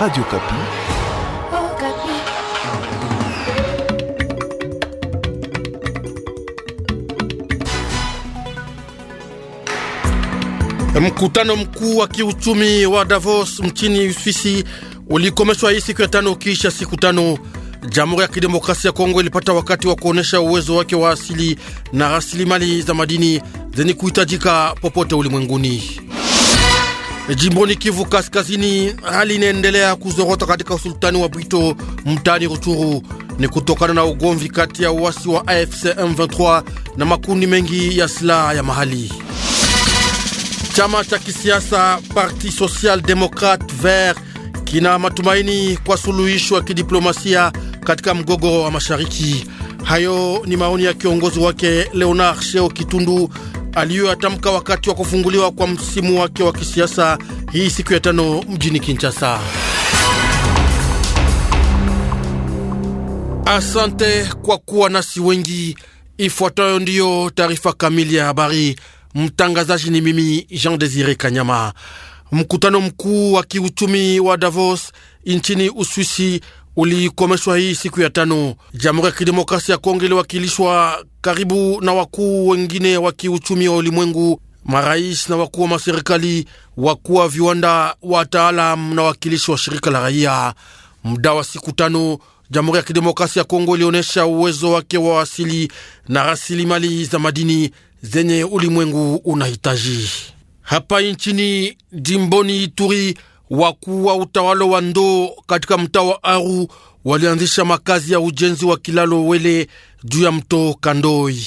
Radio Kapi. Oh, Kapi. Mkutano mkuu wa kiuchumi wa Davos mchini Uswisi ulikomeshwa hii siku ya tano kisha siku tano. Jamhuri ya Kidemokrasia ya Kongo ilipata wakati wa kuonesha uwezo wake wa asili na rasilimali za madini zenye kuhitajika popote ulimwenguni. Jimboni Kivu Kaskazini, hali inaendelea kuzorota katika usultani wa Bwito mtani Ruchuru. Ni kutokana na ugomvi kati ya uasi wa AFC M23 na makundi mengi ya silaha ya mahali. Chama cha kisiasa Parti Social Democrate Vert kina matumaini kwa suluhisho ya kidiplomasia katika mgogoro wa mashariki. Hayo ni maoni ya kiongozi wake Leonard Sheo Kitundu aliyoyatamka wakati wa kufunguliwa kwa msimu wake wa kisiasa hii siku ya tano mjini Kinshasa. Asante kwa kuwa nasi wengi. Ifuatayo ndiyo taarifa kamili ya habari. Mtangazaji ni mimi Jean Desire Kanyama. Mkutano mkuu wa kiuchumi wa Davos nchini Uswisi ulikomeshwa hii siku ya tano. Jamhuri ya Kidemokrasia ya Kongo iliwakilishwa karibu na wakuu wengine wa kiuchumi wa ulimwengu, marais na wakuu wa maserikali, wakuu wa viwanda, wataalam na wakilishi wa shirika la raia. Muda wa siku tano, Jamhuri ya Kidemokrasia ya Kongo ilionyesha uwezo wake wa asili na rasilimali za madini zenye ulimwengu unahitaji. Hapa nchini, jimboni Ituri wakuu wa utawala wa ndoo katika mtaa wa Aru walianzisha makazi ya ujenzi wa kilalo Wele juu ya mto Kandoi.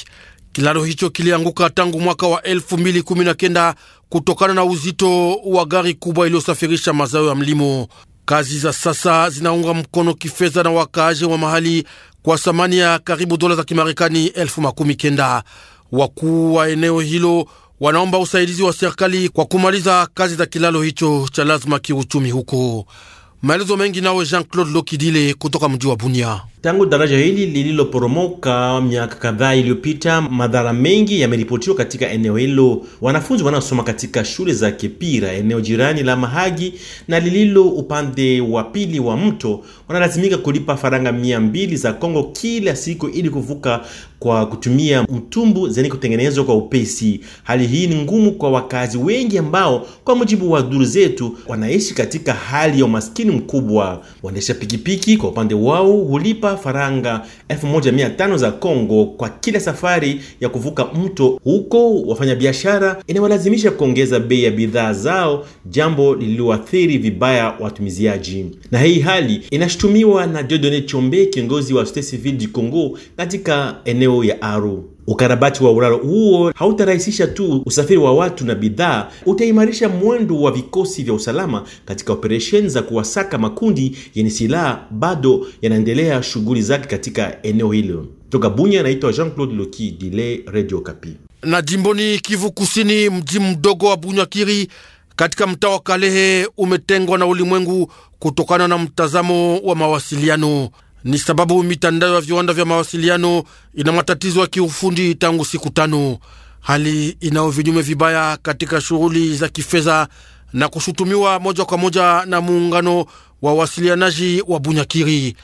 Kilalo hicho kilianguka tangu mwaka wa 2019 kutokana na uzito wa gari kubwa iliyosafirisha mazao ya mlimo. Kazi za sasa zinaunga mkono kifedha na wakaaji wa mahali kwa thamani ya karibu dola za Kimarekani elfu makumi kenda. Wakuu wa eneo hilo wanaomba usaidizi wa serikali kwa kumaliza kazi za kilalo hicho cha lazima kiuchumi huko. Maelezo mengi nawe Jean-Claude Lokidile kutoka mji wa Bunia. Tangu daraja hili lililoporomoka miaka kadhaa iliyopita, madhara mengi yameripotiwa katika eneo hilo. Wanafunzi wanaosoma katika shule za Kepira, eneo jirani la Mahagi na lililo upande wa pili wa mto, wanalazimika kulipa faranga 20 mbili za Kongo kila siku ili kuvuka kwa kutumia mtumbu zenye kutengenezwa kwa upesi. Hali hii ni ngumu kwa wakazi wengi ambao kwa mujibu wa duru zetu wanaishi katika hali ya umaskini mkubwa. Waendesha pikipiki kwa upande wao hulipa faranga 1500 za Kongo kwa kila safari ya kuvuka mto huko, wafanyabiashara inawalazimisha kuongeza bei ya bidhaa zao, jambo lililoathiri vibaya watumiziaji. Na hii hali inashutumiwa na Dieudonne Chombe, kiongozi wa Société Civile du Congo katika eneo ya Aru. Ukarabati wa ulalo huo hautarahisisha tu usafiri wa watu na bidhaa, utaimarisha mwendo wa vikosi vya usalama katika operesheni za kuwasaka makundi yenye silaha bado yanaendelea shughuli zake katika eneo hilo. Toka Bunya, anaitwa Jean-Claude Loki Dile, Radio Kapi. Na jimboni Kivu Kusini, mji mdogo wa kiri katika mtaa wa Kalehe umetengwa na ulimwengu kutokana na mtazamo wa mawasiliano ni sababu mitandao ya viwanda vya mawasiliano ina matatizo ya kiufundi tangu siku tano, hali inayo vinyume vibaya katika shughuli za kifedha na kushutumiwa moja kwa moja na muungano wa wasilianaji wa Bunyakiri.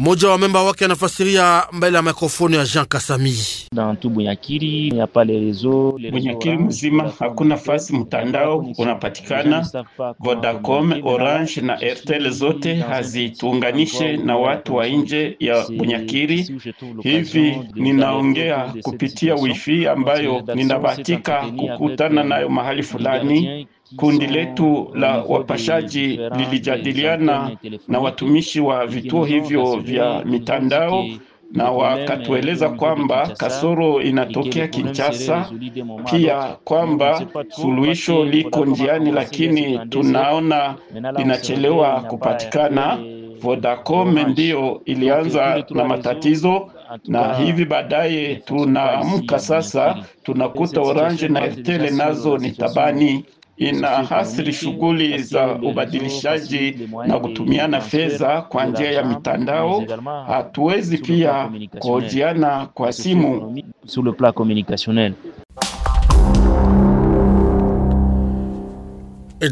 Mmoja wa memba wake anafasiria mbele ya mikrofoni ya Jean Kasami. Bunyakiri mzima hakuna fasi mtandao unapatikana. Vodacom, Orange na Airtel zote hazitunganishe na watu wa nje ya Bunyakiri. Hivi ninaongea kupitia wifi ambayo ninabahatika kukutana euh, nayo mahali fulani. Kundi letu la wapashaji lilijadiliana na watumishi wa vituo hivyo vya mitandao na wakatueleza kwamba kasoro inatokea Kinshasa, pia kwamba suluhisho liko njiani, lakini tunaona linachelewa kupatikana. Vodacom ndiyo ilianza na matatizo na hivi baadaye tunaamka sasa tunakuta Orange na Airtel nazo ni tabani ina hasili shughuli za ubadilishaji na kutumiana fedha kwa njia ya mitandao. Hatuwezi pia kuhojiana kwa simu.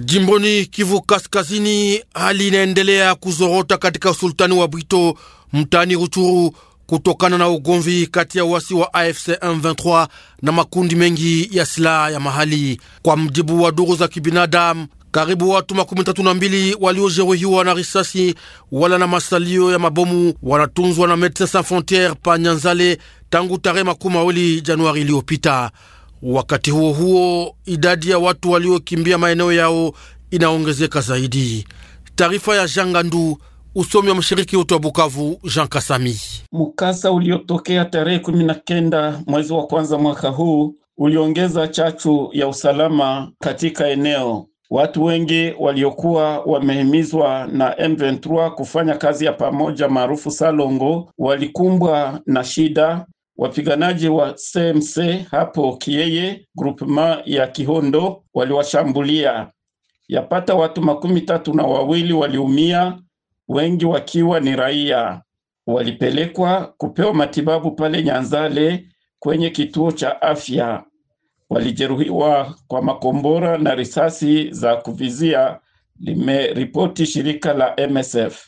Jimboni Kivu Kaskazini, hali inaendelea kuzorota katika usultani wa Bwito mtaani Ruchuru kutokana na ugomvi kati ya wasi wa AFC M23 na makundi mengi ya silaha ya mahali. Kwa mjibu wa duru za kibinadamu, karibu watu makumi tatu na mbili waliojeruhiwa na risasi wala na masalio ya mabomu wanatunzwa na Medecins Sans Frontieres pa Nyanzale tangu tarehe makumi mawili Januari iliyopita. Wakati huo huo, idadi ya watu waliokimbia maeneo yao inaongezeka zaidi. Taarifa ya Jangandu Usomi wa mshiriki wetu wa Bukavu, Jean Kasami. Mkasa uliotokea tarehe kumi na kenda mwezi wa kwanza mwaka huu uliongeza chachu ya usalama katika eneo. Watu wengi waliokuwa wamehimizwa na M23 kufanya kazi ya pamoja maarufu Salongo walikumbwa na shida. Wapiganaji wa CMC hapo Kieye groupement ya Kihondo waliwashambulia, yapata watu makumi tatu na wawili waliumia wengi wakiwa ni raia, walipelekwa kupewa matibabu pale Nyanzale kwenye kituo cha afya. Walijeruhiwa kwa makombora na risasi za kuvizia, limeripoti shirika la MSF,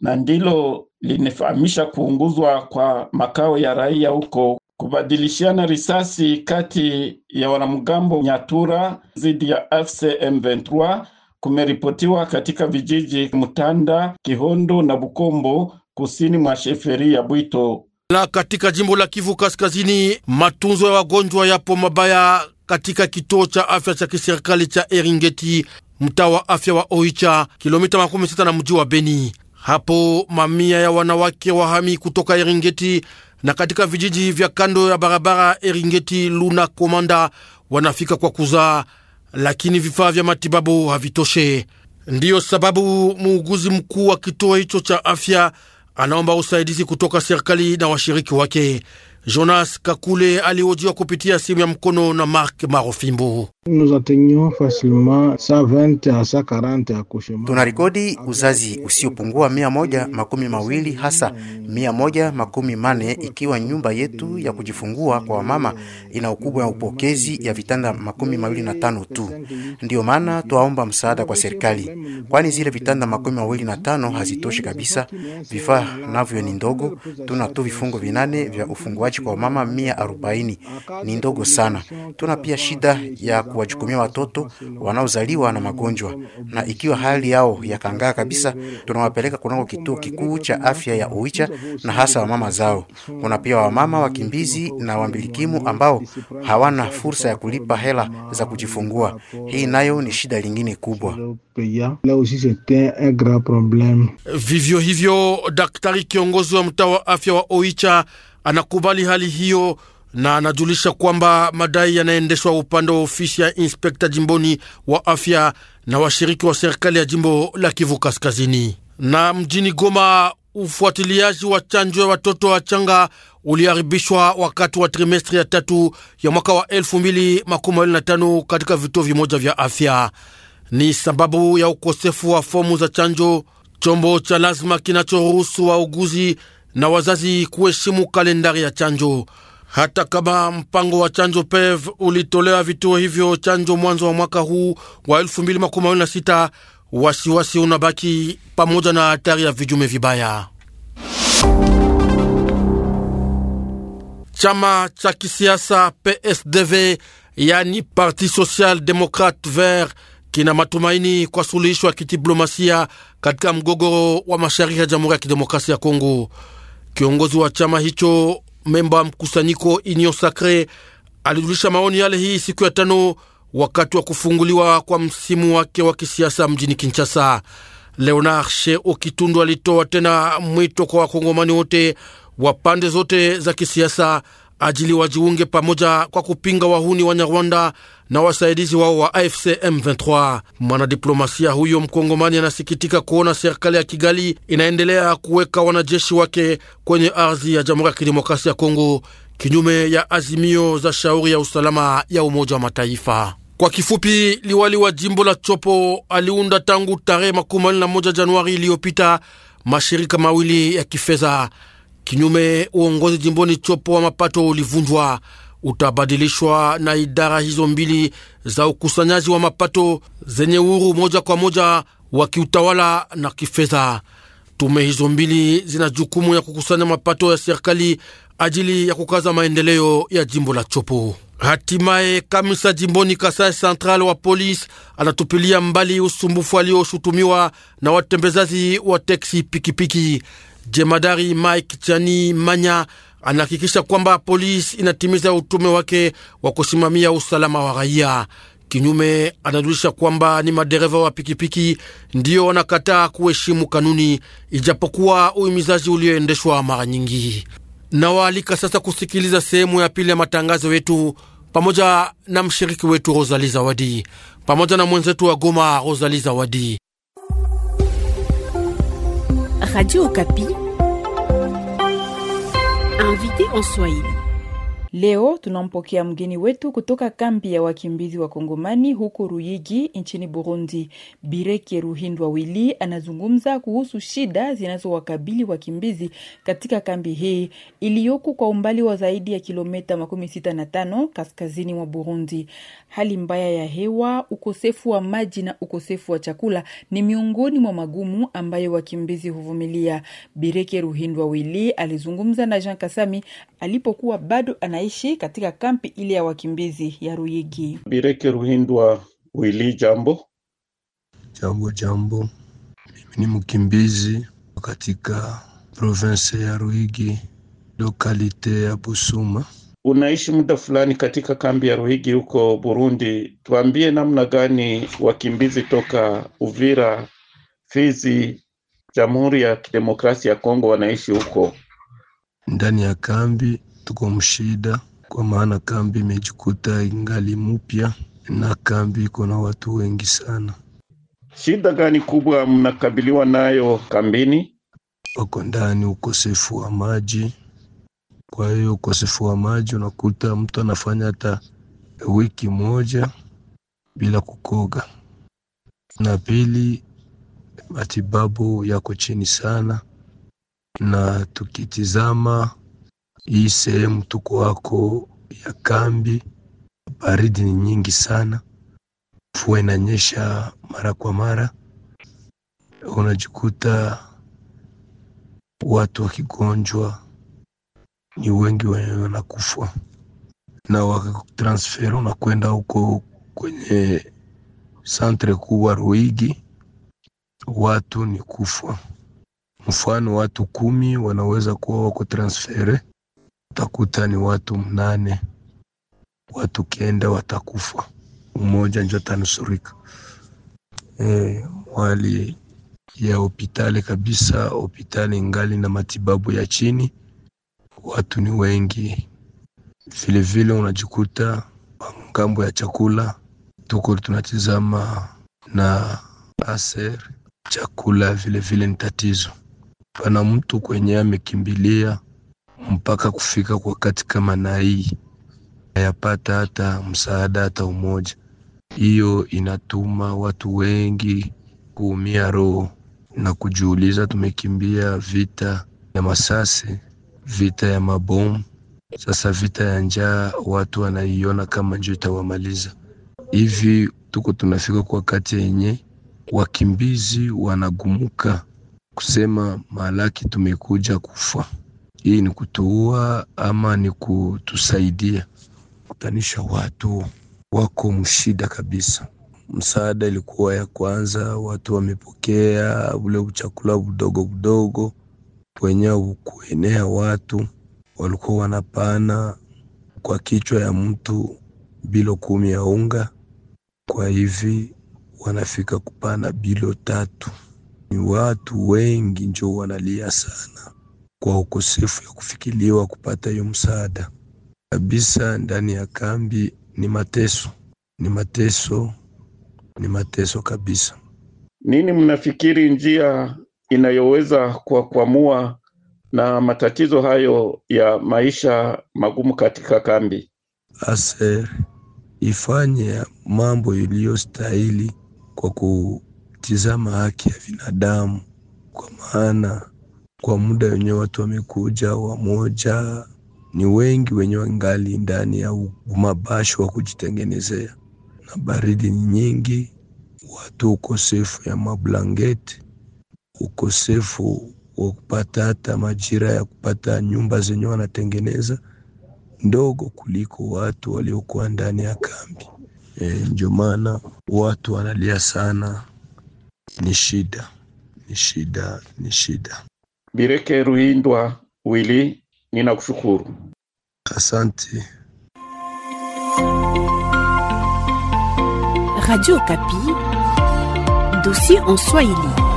na ndilo linafahamisha kuunguzwa kwa makao ya raia huko, kubadilishana risasi kati ya wanamgambo Nyatura dhidi ya AFC M23 kumeripotiwa katika vijiji mutanda Kihondo na Bukombo kusini mwa sheferi ya Bwito. Na katika jimbo la Kivu Kaskazini, matunzo ya wagonjwa yapo mabaya katika kituo cha afya cha kiserikali cha Eringeti, mtaa wa afya wa Oicha, kilomita makumi sita na mji wa Beni. Hapo mamia ya wanawake wahami kutoka Eringeti na katika vijiji vya kando ya barabara Eringeti, Luna, Komanda wanafika kwa kuzaa lakini vifaa vya matibabu havitoshe. Ndiyo sababu muuguzi mkuu wa kituo hicho cha afya anaomba usaidizi kutoka serikali na washiriki wake. Jonas Kakule alihojiwa kupitia simu ya mkono na Mark Marofimbo. Nous atteignons facilement 120 à 140 accouchements. Tunarekodi uzazi usiopungua mia moja makumi mawili hasa mia moja makumi mane ikiwa nyumba yetu ya kujifungua kwa wamama ina ukubwa wa upokezi ya vitanda makumi mawili na tano tu. Ndiyo maana twaomba msaada kwa serikali, kwani zile vitanda makumi mawili na tano hazitoshi kabisa. Vifaa navyo ni ndogo, tuna tu vifungo vinane vya ufunguaji kwa wamama mia arobaini ni ndogo sana. Tuna pia shida ya kuwachukumia watoto wanaozaliwa na magonjwa, na ikiwa hali yao yakangaa kabisa, tunawapeleka kunako kituo kikuu cha afya ya Uicha na hasa wamama zao. Kuna pia wamama wakimbizi na wambilikimu ambao hawana fursa ya kulipa hela za kujifungua. Hii nayo ni shida lingine kubwa. Vivyo hivyo, daktari kiongozi wa mtaa wa afya wa Oicha anakubali hali hiyo na anajulisha kwamba madai yanaendeshwa upande wa ofisi ya inspekta jimboni wa afya na washiriki wa serikali ya jimbo la Kivu Kaskazini. Na mjini Goma, ufuatiliaji wa chanjo ya watoto wachanga uliharibishwa wakati wa trimestri ya tatu ya mwaka wa 2025 katika vituo vimoja vya afya. Ni sababu ya ukosefu wa fomu za chanjo, chombo cha lazima kinachoruhusu wauguzi na wazazi kuheshimu kalendari ya chanjo hata kama mpango wa chanjo PEV ulitolewa vituo hivyo chanjo mwanzo wa mwaka huu wa 2026 wasiwasi unabaki pamoja na hatari ya vijume vibaya. Chama cha kisiasa PSDV yani Parti Social Democrate Vert kina matumaini kwa suluhisho ya kidiplomasia katika mgogoro wa mashariki ya Jamhuri ya Kidemokrasia ya Kongo. Kiongozi wa chama hicho memba wa mkusanyiko Union Sacre, alijulisha maoni yale hii siku ya tano wakati wa kufunguliwa kwa msimu wake wa kisiasa mjini Kinshasa. Leonard She Okitundu alitoa tena mwito kwa wakongomani wote wa pande zote za kisiasa ajili wajiunge pamoja kwa kupinga wahuni wa Nyarwanda na wasaidizi wao wa AFC M23. Mwanadiplomasia huyo mkongomani anasikitika kuona serikali ya Kigali inaendelea kuweka wanajeshi wake kwenye ardhi ya Jamhuri ya Kidemokrasia ya Kongo kinyume ya azimio za shauri ya usalama ya Umoja wa Mataifa. Kwa kifupi, liwali wa jimbo la Chopo aliunda tangu tarehe makumi mbili na moja Januari iliyopita mashirika mawili ya kifedha kinyume. Uongozi jimboni Chopo wa mapato ulivunjwa utabadilishwa na idara hizo mbili za ukusanyaji wa mapato zenye uhuru moja kwa moja wa kiutawala na kifedha. Tume hizo mbili zina jukumu ya kukusanya mapato ya serikali ajili ya kukaza maendeleo ya jimbo la Chopo. Hatimaye, kamisa jimboni Kasai Central wa polisi anatupilia mbali usumbufu alioshutumiwa na watembezaji wa teksi pikipiki. Jemadari Mike Chani Manya anahakikisha kwamba polisi inatimiza utume wake wa kusimamia usalama wa raia. Kinyume, anadulisha kwamba ni madereva wa pikipiki ndiyo wanakataa kuheshimu kanuni, ijapokuwa uhimizaji ulioendeshwa mara nyingi. Nawaalika sasa kusikiliza sehemu ya pili ya matangazo yetu pamoja na mshiriki wetu Rosali Zawadi pamoja na mwenzetu wa Goma Rosali Zawadi, Radio invité en soi. Leo tunampokea mgeni wetu kutoka kambi ya wakimbizi wa Kongomani huko Ruyigi nchini Burundi. Bireke Ruhindwa Wili anazungumza kuhusu shida zinazowakabili wakimbizi katika kambi hii iliyoko kwa umbali wa zaidi ya kilomita 65 kaskazini mwa Burundi. Hali mbaya ya hewa, ukosefu wa maji na ukosefu wa chakula ni miongoni mwa magumu ambayo wakimbizi huvumilia. Bireke Ruhindwa Wili alizungumza na Jean Kasami alipokuwa bado ana anaishi katika kampi ile ya wakimbizi ya Ruyigi. Bireke Ruhindwa Wili, jambo jambo jambo. Mimi ni mkimbizi katika province ya Ruigi, lokalite ya Busuma. Unaishi muda fulani katika kambi ya Ruhigi huko Burundi. Tuambie namna gani wakimbizi toka Uvira, Fizi, Jamhuri ya Kidemokrasia ya Kongo wanaishi huko ndani ya kambi tuko mshida, kwa maana kambi imejikuta ingali mupya na kambi iko na watu wengi sana. Shida gani kubwa mnakabiliwa nayo kambini? Wako ndani ukosefu wa maji. Kwa hiyo ukosefu wa maji unakuta mtu anafanya hata wiki moja bila kukoga, na pili, matibabu yako chini sana, na tukitizama hii sehemu tuko wako ya kambi, baridi ni nyingi sana, mvua inanyesha mara kwa mara, unajikuta watu wakigonjwa ni wengi wanakufa na wakakutransfer unakwenda huko kwenye santre kubwa Ruigi, watu ni kufwa. Mfano watu kumi wanaweza kuwa wako transfere utakuta ni watu mnane, watu kenda watakufa, mmoja njo tanusurika E, wali ya hopitali kabisa, hopitali ngali na matibabu ya chini, watu ni wengi vilevile. Vile unajikuta ngambo ya chakula tuko tunatizama na aser chakula vilevile ni tatizo. Pana mtu kwenye amekimbilia mpaka kufika kwa wakati kama na hii hayapata hata msaada hata umoja. Hiyo inatuma watu wengi kuumia roho na kujiuliza, tumekimbia vita ya masasi, vita ya mabomu, sasa vita ya njaa watu wanaiona kama ndio itawamaliza. Hivi tuko tunafika kwa wakati yenye wakimbizi wanagumuka kusema malaki tumekuja kufa hii ni kutuua ama ni kutusaidia kutanisha watu wako mshida kabisa. Msaada ilikuwa ya kwanza, watu wamepokea ule uchakula budogo budogo wenyewe kuenea, watu walikuwa wanapana kwa kichwa ya mtu bilo kumi ya unga, kwa hivi wanafika kupana bilo tatu. Ni watu wengi njo wanalia sana kwa ukosefu ya kufikiliwa kupata hiyo msaada kabisa. Ndani ya kambi ni mateso, ni mateso, ni mateso kabisa. Nini mnafikiri njia inayoweza kuwakwamua na matatizo hayo ya maisha magumu katika kambi? Aser ifanye mambo iliyostahili kwa kutizama haki ya binadamu, kwa maana kwa muda wenye watu wamekuja wamoja, ni wengi wenye wangali ndani ya mabashu wa kujitengenezea, na baridi ni nyingi, watu ukosefu ya mablangeti, ukosefu wa kupata hata majira ya kupata nyumba zenye wanatengeneza ndogo kuliko watu waliokuwa ndani ya kambi. E, ndio maana watu wanalia sana. Ni shida, ni shida, ni shida. Bireke Ruhindwa Wili, ninakushukuru. Asante. Radio Kapi, dossier en Swahili.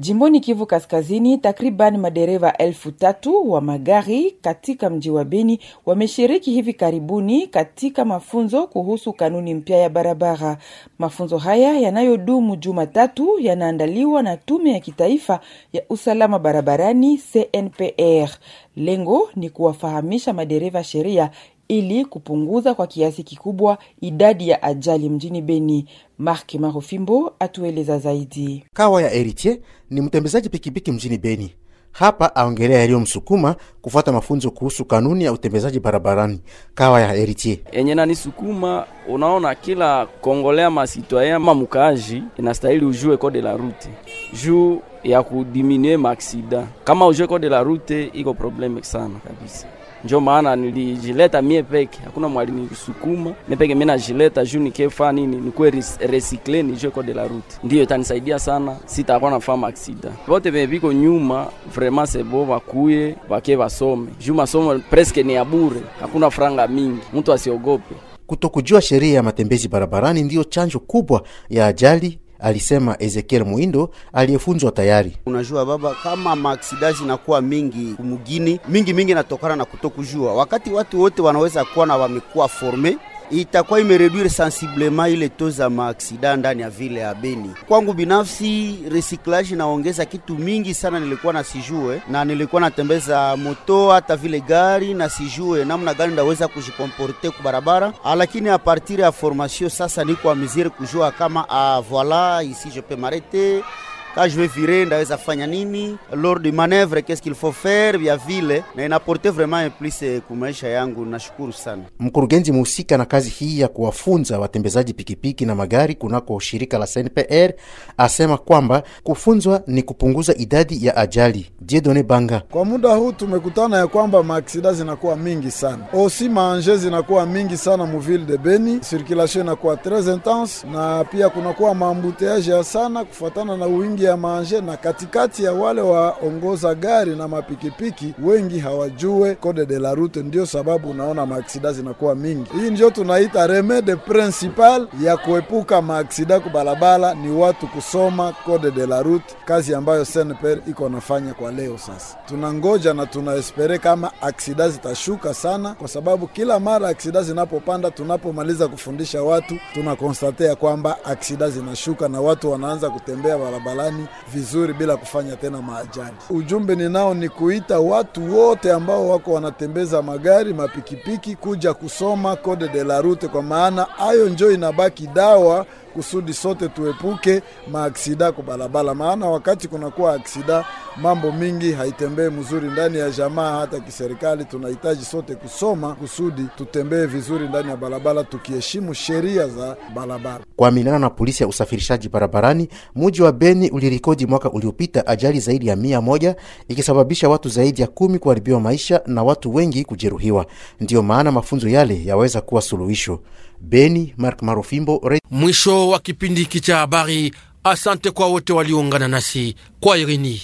Jimboni Kivu Kaskazini, takriban madereva elfu tatu wa magari katika mji wa Beni wameshiriki hivi karibuni katika mafunzo kuhusu kanuni mpya ya barabara. Mafunzo haya yanayodumu juma tatu yanaandaliwa na Tume ya Kitaifa ya Usalama Barabarani, CNPR. Lengo ni kuwafahamisha madereva sheria ili kupunguza kwa kiasi kikubwa idadi ya ajali mjini Beni. Mark Marofimbo atueleza zaidi. Kawa ya Eritier ni mtembezaji pikipiki mjini Beni. Hapa aongelea yaliyomsukuma kufuata mafunzo kuhusu kanuni ya utembezaji barabarani. Kawa ya Eritier enye nanisukuma, unaona kila kongolea masitwaya ma mukaji inastahili ujue kode la rute juu ya kudiminue maksida Kama ujue kode la rute, iko probleme sana kabisa ndio maana nilijileta mie peke, hakuna mwalimu kusukuma mie peke, mimi najileta juu nikefa nini, nikuwe recycle nijue code de la route, ndio itanisaidia sana, sitakuwa na fama aksida. Wote venye viko nyuma vraiment beau, wakuye wake wasome juu masomo presque ni ya bure, hakuna franga mingi, mtu asiogope. Kutokujua sheria ya matembezi barabarani ndiyo chanjo kubwa ya ajali alisema Ezekiel Muindo aliyefunzwa tayari. Unajua baba, kama maaksida zinakuwa mingi kumugini mingi mingi, natokana na kutokujua wakati watu wote wanaweza kuwa na wamekuwa forme itakuwa imereduire sensiblement ile taux za maaksida ndani ya vile ya Beni. Kwangu binafsi, recyclage naongeza kitu mingi sana, nilikuwa na sijue na nilikuwa natembeza moto hata vile gari na sijue namna gani ndaweza kujikomporte ku barabara, ah, lakini a partir ya formation sasa niko amizire kujua kama ah, voilà ici je peux m'arrêter Quand je vais virer, ndaweza fanya nini? Lors du manevre, qu'est-ce qu'il faut faire? Vya vile na inaporte vraiment implice eh, kumaisha yangu. Nashukuru sana mkurugenzi muhusika na kazi hii ya kuwafunza watembezaji pikipiki na magari kunako shirika la CNPR, asema kwamba kufunzwa ni kupunguza idadi ya ajali. Jedone Banga, kwa muda huu tumekutana ya kwamba maaksida zinakuwa mingi sana, osi maanje zinakuwa mingi sana muville de Beni, circulation inakuwa tres intense na pia kunakuwa maambuteaje ya sana kufuatana na wingi ya manje na katikati ya wale waongoza gari na mapikipiki, wengi hawajue code de la route, ndio sababu unaona maaksida zinakuwa mingi. Hii ndio tunaita remede principal ya kuepuka maaksida kubalabala, ni watu kusoma code de la route, kazi ambayo Senper iko nafanya kwa leo. Sasa tunangoja na tunaespere kama aksida zitashuka sana, kwa sababu kila mara aksida zinapopanda, tunapomaliza kufundisha watu tunakonstatea kwamba aksida zinashuka na watu wanaanza kutembea barabara fulani vizuri bila kufanya tena maajali. Ujumbe ninao ni kuita watu wote ambao wako wanatembeza magari, mapikipiki kuja kusoma code de la route, kwa maana hayo njo inabaki dawa kusudi sote tuepuke maaksida kwa barabara, maana wakati kunakuwa aksida mambo mingi haitembee mzuri ndani ya jamaa, hata kiserikali. Tunahitaji sote kusoma kusudi tutembee vizuri ndani ya barabara, tukiheshimu sheria za barabara. Kuaminana na polisi ya usafirishaji barabarani, muji wa Beni ulirikodi mwaka uliopita ajali zaidi ya mia moja ikisababisha watu zaidi ya kumi kuharibiwa maisha na watu wengi kujeruhiwa. Ndiyo maana mafunzo yale yaweza kuwa suluhisho. Beni, Mark Marofimbo. Mwisho wa kipindi hiki cha habari. Asante kwa wote waliungana nasi kwa irini.